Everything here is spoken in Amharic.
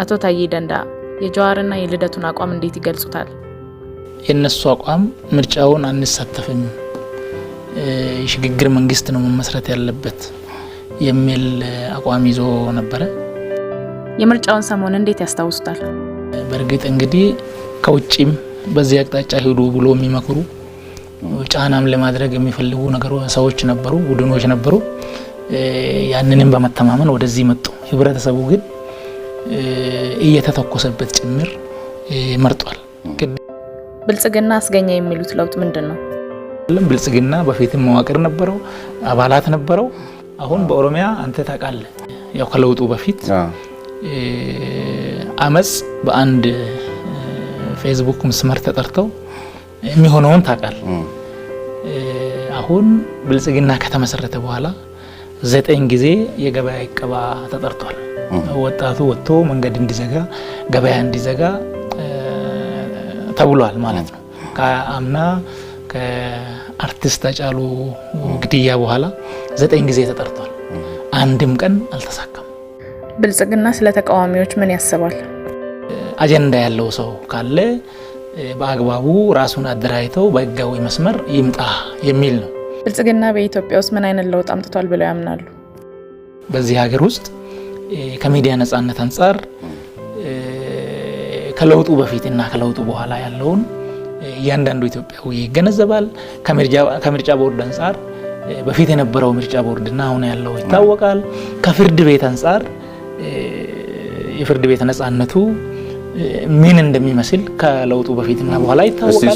አቶ ታዬ ደንዳ የጀዋርና የልደቱን አቋም እንዴት ይገልጹታል? የእነሱ አቋም ምርጫውን አንሳተፍም፣ የሽግግር መንግስት ነው መመስረት ያለበት የሚል አቋም ይዞ ነበረ። የምርጫውን ሰሞን እንዴት ያስታውሱታል? በእርግጥ እንግዲህ ከውጭም በዚህ አቅጣጫ ሂዱ ብሎ የሚመክሩ ጫናም ለማድረግ የሚፈልጉ ነገሩ ሰዎች ነበሩ፣ ቡድኖች ነበሩ። ያንንም በመተማመን ወደዚህ መጡ። ህብረተሰቡ ግን እየተተኮሰበት ጭምር መርጧል። ብልጽግና አስገኘ የሚሉት ለውጥ ምንድን ነው? ብልጽግና በፊትም መዋቅር ነበረው፣ አባላት ነበረው። አሁን በኦሮሚያ አንተ ታውቃለህ፣ ያው ከለውጡ በፊት አመፅ በአንድ ፌስቡክ መስመር ተጠርተው የሚሆነውን ታውቃል አሁን ብልጽግና ከተመሰረተ በኋላ ዘጠኝ ጊዜ የገበያ ይቀባ ተጠርቷል። ወጣቱ ወጥቶ መንገድ እንዲዘጋ ገበያ እንዲዘጋ ተብሏል ማለት ነው። ከአምና ከአርቲስት ሃጫሉ ግድያ በኋላ ዘጠኝ ጊዜ ተጠርቷል። አንድም ቀን አልተሳካም። ብልጽግና ስለ ተቃዋሚዎች ምን ያስባል? አጀንዳ ያለው ሰው ካለ በአግባቡ ራሱን አደራጅተው በህጋዊ መስመር ይምጣ የሚል ነው። ብልጽግና በኢትዮጵያ ውስጥ ምን አይነት ለውጥ አምጥቷል ብለው ያምናሉ? በዚህ ሀገር ውስጥ ከሚዲያ ነፃነት አንጻር ከለውጡ በፊት እና ከለውጡ በኋላ ያለውን እያንዳንዱ ኢትዮጵያዊ ይገነዘባል። ከምርጫ ቦርድ አንጻር በፊት የነበረው ምርጫ ቦርድና አሁን ያለው ይታወቃል። ከፍርድ ቤት አንጻር የፍርድ ቤት ነፃነቱ ምን እንደሚመስል ከለውጡ በፊትና በኋላ ይታወቃል።